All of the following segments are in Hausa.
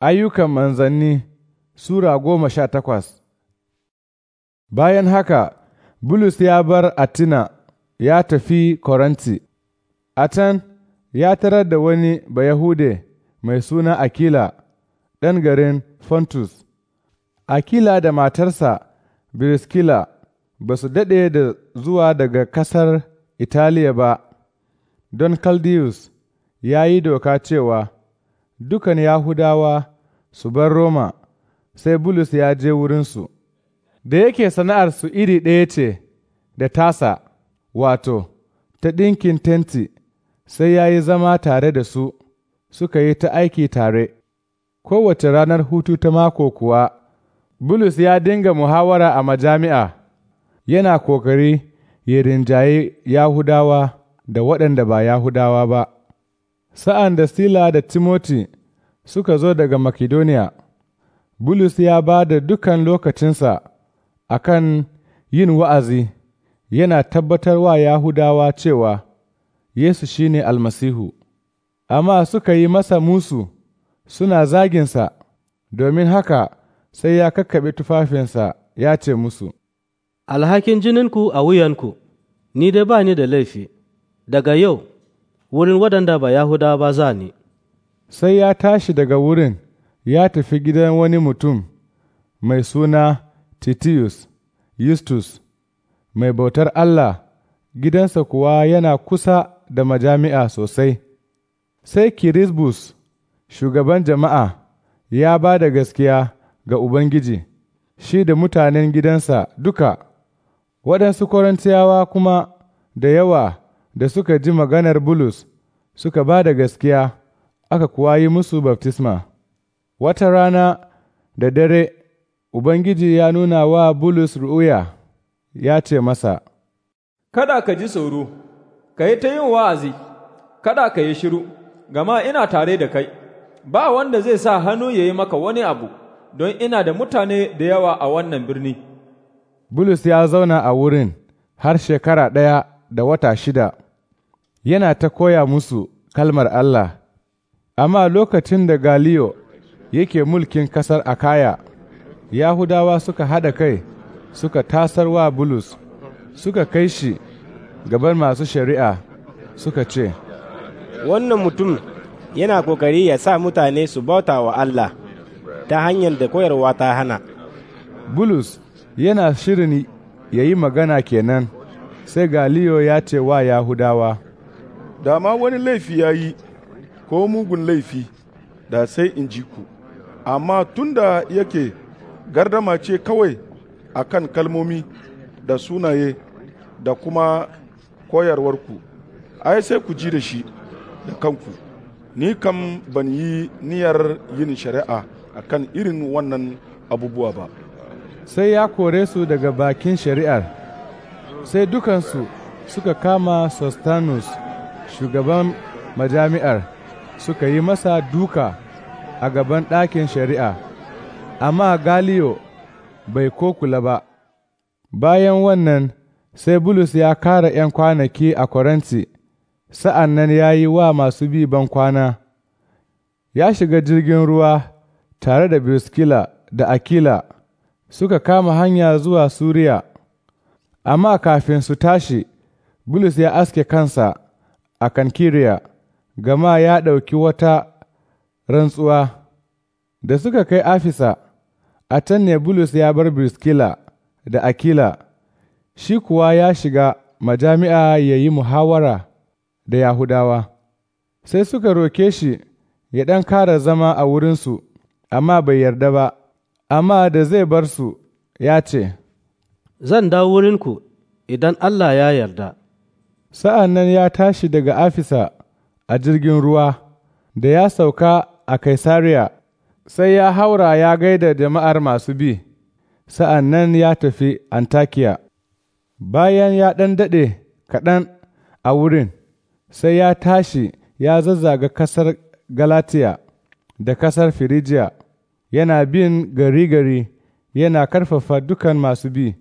Ayyukan manzanni Sura goma sha takwas Bayan haka, Bulus ya bar Atina ya tafi Koranti, a can ya tarar da wani Bayahude mai suna Akila, ɗan garin Fontus. Akila da matarsa Biriskila ba su daɗe da zuwa daga ƙasar Italiya ba, don Kaldius ya yi doka cewa dukan Yahudawa su bar Roma, sai Bulus ya je wurinsu, da yake sana'arsu iri ɗaya ce da tasa, wato, ta ɗinkin tenti, sai ya yi zama tare da su, suka yi ta aiki tare. Kowace ranar hutu ta mako kuwa, Bulus ya dinga muhawara a majami'a, yana kokari ya rinjaye Yahudawa da waɗanda ba Yahudawa ba. Sa'an da Sila da Timoti suka zo daga Makedoniya, Bulus ya ba da dukan lokacinsa a kan yin wa'azi, yana tabbatar wa Yahudawa cewa Yesu shi ne almasihu, amma suka yi masa musu suna zaginsa, domin haka sai ya kakkaɓe tufafinsa ya ce musu, Alhakin jininku a wuyanku, ni dai ba ni da laifi, daga yau. wurin waɗanda ba Yahuda ba za ni. Sai ya tashi daga wurin ya tafi gidan wani mutum mai suna Titius, Yustus, mai bautar Allah, gidansa kuwa yana kusa da majami'a sosai. Sai Kirisbus, shugaban jama'a, ya ba da gaskiya ga Ubangiji, shi da mutanen gidansa duka, waɗansu Korintiyawa kuma da yawa da suka ji maganar Bulus suka ba da gaskiya, aka kuwa yi musu baftisma. Wata rana da dare, Ubangiji ya nuna wa Bulus ru'uya, ya ce masa, Kada ka ji tsoro, ka yi ta yin wa'azi, kada ka yi shiru, gama ina tare da kai, ba wanda zai sa hannu ya yi maka wani abu, don ina da mutane da yawa a wannan birni. Bulus ya zauna a wurin har shekara ɗaya da wata shida. yana ta koya musu kalmar Allah, amma lokacin da Galiyo yake mulkin ƙasar Akaya, Yahudawa suka haɗa kai suka wa Bulus, suka kai shi gaban masu shari'a suka ce, Wannan mutum yana ƙoƙari ya sa mutane su bauta wa Allah ta hanyar da koyarwa ta hana. Bulus yana shirin ya yi magana kenan, sai Galiyo ya ce wa Yahudawa. da ma wani laifi ya yi ko mugun laifi da sai in ji ku amma tunda yake gardama ce kawai a kan kalmomi da sunaye da kuma koyarwarku ai sai ku ji da shi da kanku ni kam ban yi niyyar yin shari'a a kan irin wannan abubuwa ba sai ya kore su daga bakin shari'ar sai dukansu suka kama sostanus shugaban majami'ar suka yi masa duka a gaban ɗakin shari'a, amma Galiyo bai ko kula ba. Bayan wannan sai Bulus ya kara ’yan kwanaki a kwaranti sa'an nan ya yi wa masu bi ban kwana, ya shiga jirgin ruwa tare da Biskila da Akila suka kama hanya zuwa Suriya, amma kafin su tashi, Bulus ya aske kansa. a Kankiriya, gama ya ɗauki wata rantsuwa. Da suka kai Afisa, a can ne Bulus ya bar Briskila da Akila, shi kuwa ya shiga majami'a ya yi muhawara da Yahudawa. Sai suka roke shi ya ɗan kara zama a wurinsu, amma bai yarda ba, amma da zai bar su ya ce, Zan dawo wurinku idan Allah ya yarda. Sa'an nan ya tashi daga Afisa a jirgin ruwa, da ya sauka a Kaisariya, sai ya haura ya gaida jama'ar masu bi, sa'an nan ya tafi Antakiya. Bayan ya ɗan daɗe kaɗan a wurin, sai ya tashi ya zazzaga ƙasar Galatiya da ƙasar Firijiya, yana bin gari-gari yana ƙarfafa dukan masu bi.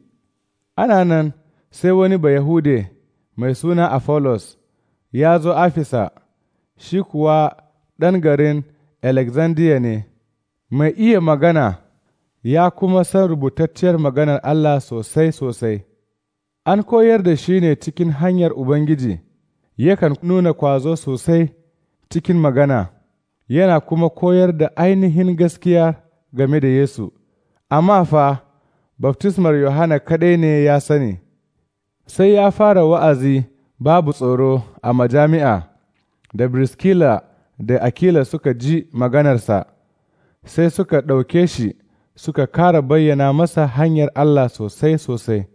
Ana nan sai wani Bayahude mai suna Apollos ya zo Afisa, shi kuwa ɗan garin Alexandria ne, mai iya magana ya kuma san rubutacciyar maganar Allah sosai sosai. An koyar da shi ne cikin hanyar Ubangiji, yakan nuna kwazo sosai cikin magana, yana kuma koyar da ainihin gaskiya game da Yesu, amma fa, baftismar Yohana kaɗai ne ya sani. sai ya fara wa'azi babu tsoro a majami'a, da Briskila da Akila suka ji maganarsa, sai suka ɗauke shi suka kara bayyana masa hanyar Allah sosai-sosai.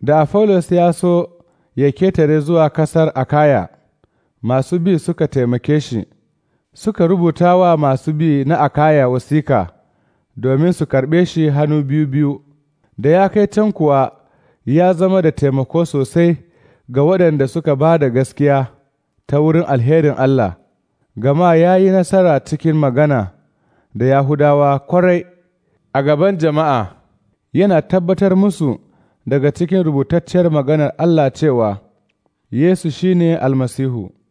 Da Apollos ya so ya ketare zuwa ƙasar Akaya, masu bi suka taimake shi, suka rubuta wa masu bi na Akaya wasika domin su karɓe shi hannu biyu-biyu, da ya kai can kuwa ya zama da taimako sosai ga waɗanda suka ba da gaskiya ta wurin alherin Allah, gama ya yi nasara cikin magana da Yahudawa kwarai a gaban jama'a, yana tabbatar musu daga cikin rubutacciyar maganar Allah cewa Yesu shi ne almasihu.